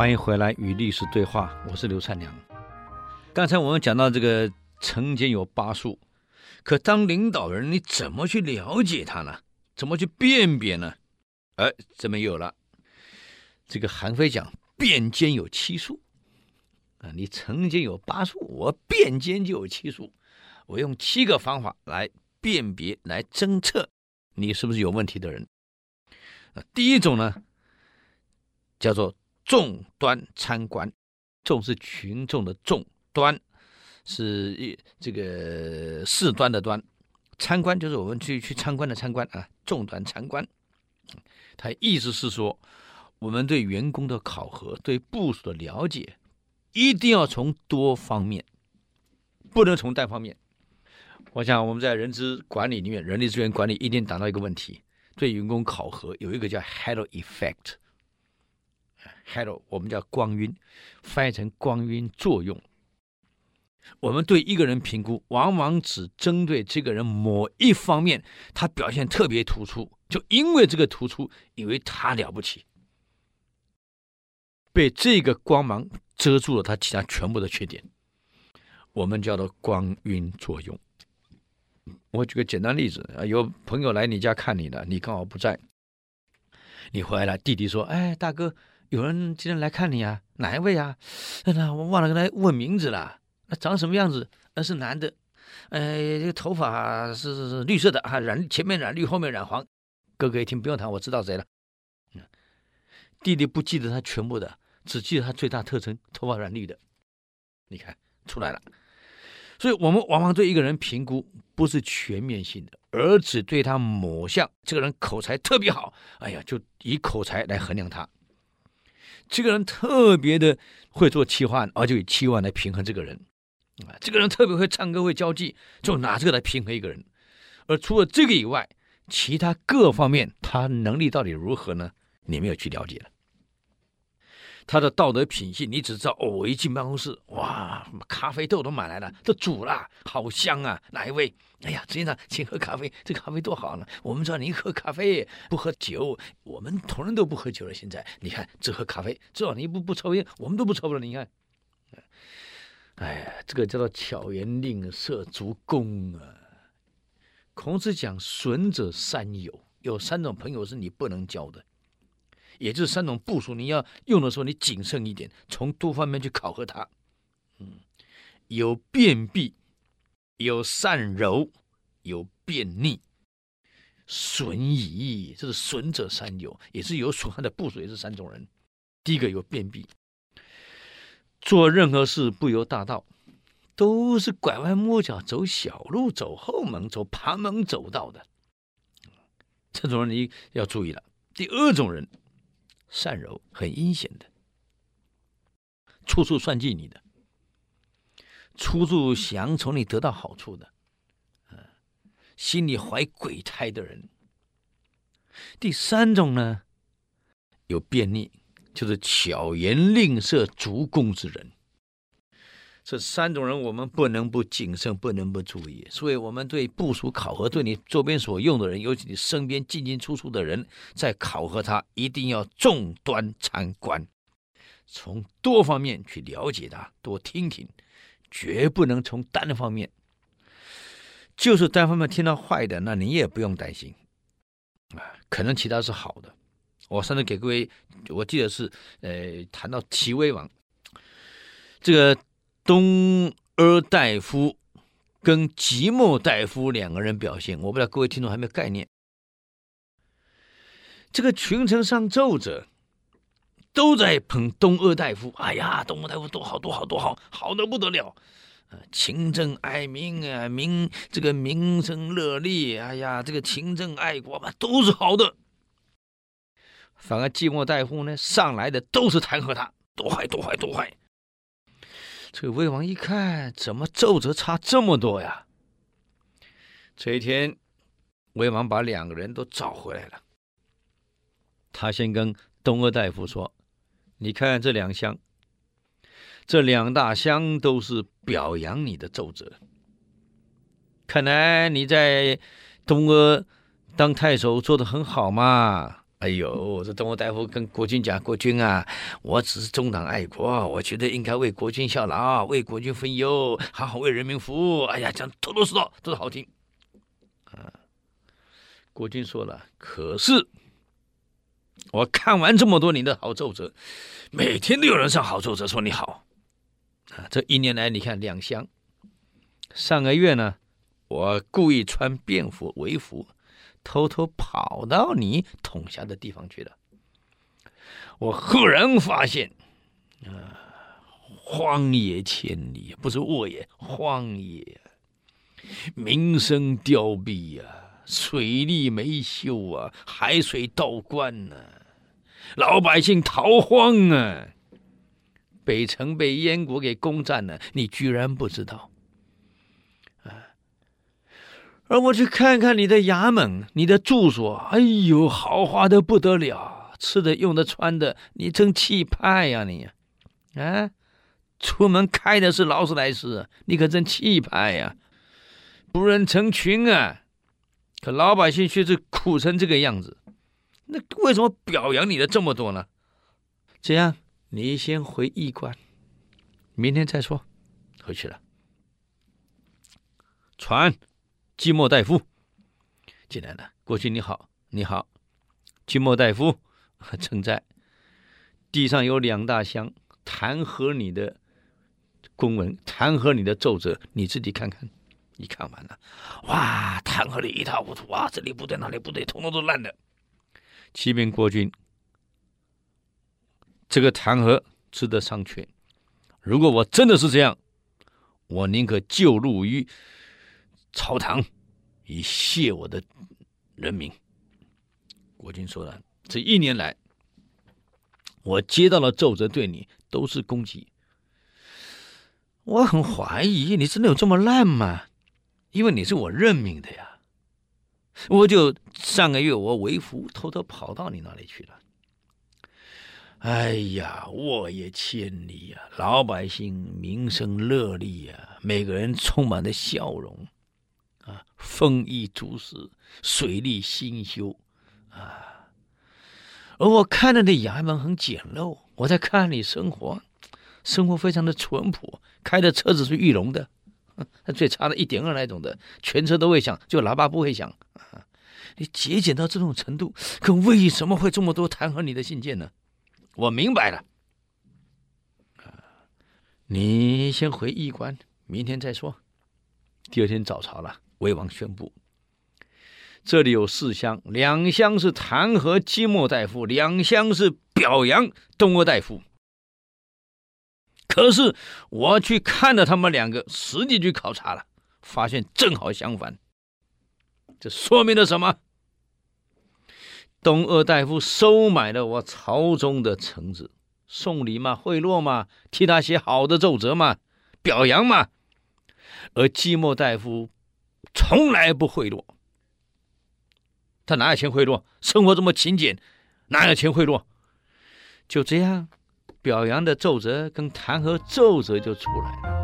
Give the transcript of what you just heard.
歡迎回來與歷史對話，我是劉燦樑。剛才我們講到這個曾經有八術，可當領導人，你怎麼去了解他呢？怎麼去辨別呢？哎，這沒有了？這個韓非講辨奸有七術啊、呃。你曾經有八術，我辨奸就有七術，我用七個方法來辨別、來偵測你是不是有問題的人。啊、呃，第一種呢，叫做。眾端參觀，眾是群眾的眾，端是這個事端的端，參觀就是我們去去參觀的參觀啊。眾端參觀，他意思是說，我們對員工的考核、對部署的了解，一定要從多方面，不能從單方面。我想我們在人資管理裡面，人力資源管理一定談到一個問題：對員工考核有一個叫 halo effect。開頭我們叫光暈，翻譯成光暈作用。我們對一個人評估，往往只針對這個人某一方面，他表現特別突出，就因為這個突出，以為他了不起，被這個光芒遮住了他其他全部的缺點，我們叫做光暈作用。我舉個簡單例子啊，有朋友來你家看你了，你剛好不在，你回來了，弟弟說：“哎，大哥。”有人今天來看你啊？哪一位啊？那我忘了跟他問名字了。那長什麼樣子？那是男的。哎，這個頭髮是綠色的，染，前面染綠，後面染黃。哥哥一聽，不用談，我知道誰了。嗯。弟弟不記得他全部的，只記得他最大特徵，頭髮染綠的，你看出來了。所以我們往往對一個人評估不是全面性的，而只對他某項。這個人口才特別好，哎呀，就以口才來衡量他。這個人特別的會做切換，而且以切換來平衡這個人。啊，這個人特別會唱歌、會交際，就拿這個來平衡一個人。而除了這個以外，其他各方面他能力到底如何呢？你沒有去了解了。他的道德品性，你只知道哦，我一進辦公室，哇，什麼咖啡豆都買來了，都煮了，好香啊！哪一位？哎呀，陳先生，請喝咖啡，這咖啡多好呢！我們知道你喝咖啡不喝酒，我們同仁都不喝酒了。現在你看只喝咖啡，知道你不不抽菸，我們都不抽了。你看，哎呀，這個叫做巧言令色，足恭啊！孔子講，損者三友，有三種朋友是你不能交的。也就是三種部屬，你要用的時候，你謹慎一點，從多方面去考核他。嗯，友便辟，友善柔，友便佞，損矣。這是損者三友，也是有損害的部屬，也是三種人。第一個友便辟。做任何事不由大道，都是拐彎抹角，走小路走，走後門走，爬門走旁門，走到的。這種人你要注意了。第二種人。善柔很陰險的，處處算計你的，處處想從你得到好處的，啊，心裡懷鬼胎的人。第三種呢，友便佞，就是巧言令色、足恭之人。這三種人，我們不能不謹慎，不能不注意。所以，我們對部屬、考核，對你周邊所用的人，尤其你身邊進進出出的人，在考核他，一定要眾端參觀，從多方面去了解他，多聽聽，絕不能從單方面，就是單方面聽到壞的，那你也不用擔心啊，可能其他是好的。我上次給各位，我記得是呃談到齊威王，這個。東阿大夫跟即墨大夫兩個人表現，我不知道各位聽眾有沒有概念。這個群臣上奏者都在捧東阿大夫，哎呀，東阿大夫多好，多好，多好，好的不得了！啊，勤政愛民啊，民這個民生樂利，哎呀，這個勤政愛國嘛都是好的。反而即墨大夫呢，上來的都是彈劾他，多壞，多壞，多壞。這魏王一看，怎麼奏摺差這麼多呀？這一天，魏王把兩個人都找回來了。他先跟東阿大夫說：“你看這兩箱，這兩大箱都是表揚你的奏摺。看來你在東阿當太守做得很好嘛。”哎呦，這東吳大夫跟國君講，國君啊，我只是忠黨愛國，我覺得應該為國君效勞，為國君分憂，好好為人民服務。哎呀，講得頭頭是道，都是好聽。啊，國君說了，可是我看完這麼多年的好奏折，每天都有人上好奏折說你好。啊，這一年來，你看兩廂，上個月呢，我故意穿便服、微服。偷偷跑到你統轄的地方去了。我赫然發現，啊，荒野千里，不是沃野，荒野，民生凋敝呀，水利沒修啊，海水倒灌呢，老百姓逃荒啊，北城被燕國給攻占了，你居然不知道。而我去看看你的衙門，你的住所，哎呦，豪華得不得了！吃的、用的、穿的，你真氣派呀，啊，你！啊，出門開的是勞斯萊斯，你可真氣派呀啊！僕人成群啊，可老百姓卻是苦成這個樣子。那為什麼表揚你的這麼多呢？這樣，你先回驛館，明天再說。回去了，傳。季莫大夫進來了，國君你好，你好，季莫大夫，正在地上有兩大箱彈劾你的公文，彈劾你的奏折，你自己看看，你看完了，哇，彈劾的一塌糊塗啊，這裡不對，那裡不對，通通都爛的。啟禀國君，這個彈劾值得商榷。如果我真的是這樣，我寧可就戮於。朝堂，以謝我的人民。國君說了，這一年來，我接到了奏折，對你都是攻擊。我很懷疑，你真的有這麼爛嗎？因為你是我任命的呀。我就上個月，我為夫偷偷跑到你那裡去了。哎呀，沃野千里呀！老百姓民生樂利呀，啊，每個人充滿了笑容。豐衣足食，水利興修，啊，而我看到那衙門很簡陋，我在看你生活，生活非常的淳樸，開的車子是玉龍的，啊，最差的一點二那種的，全車都會響，就喇叭不會響，啊，你節儉到這種程度，可為什麼會這麼多彈劾你的信件呢？我明白了，啊，你先回驛館，明天再說。第二天早朝了。魏王宣布，這裡有四箱，兩箱是彈劾季莫大夫，兩箱是表揚東阿大夫。可是我去看了他們兩個，實際去考察了，發現正好相反。這說明了什麼？東阿大夫收買了我朝中的臣子，送禮嘛，賄賂嘛，替他寫好的奏折嘛，表揚嘛，而季莫大夫。從來不賄賂，他哪有錢賄賂？生活這麼勤儉，哪有錢賄賂？就這樣，表揚的奏折跟彈劾奏折就出來了。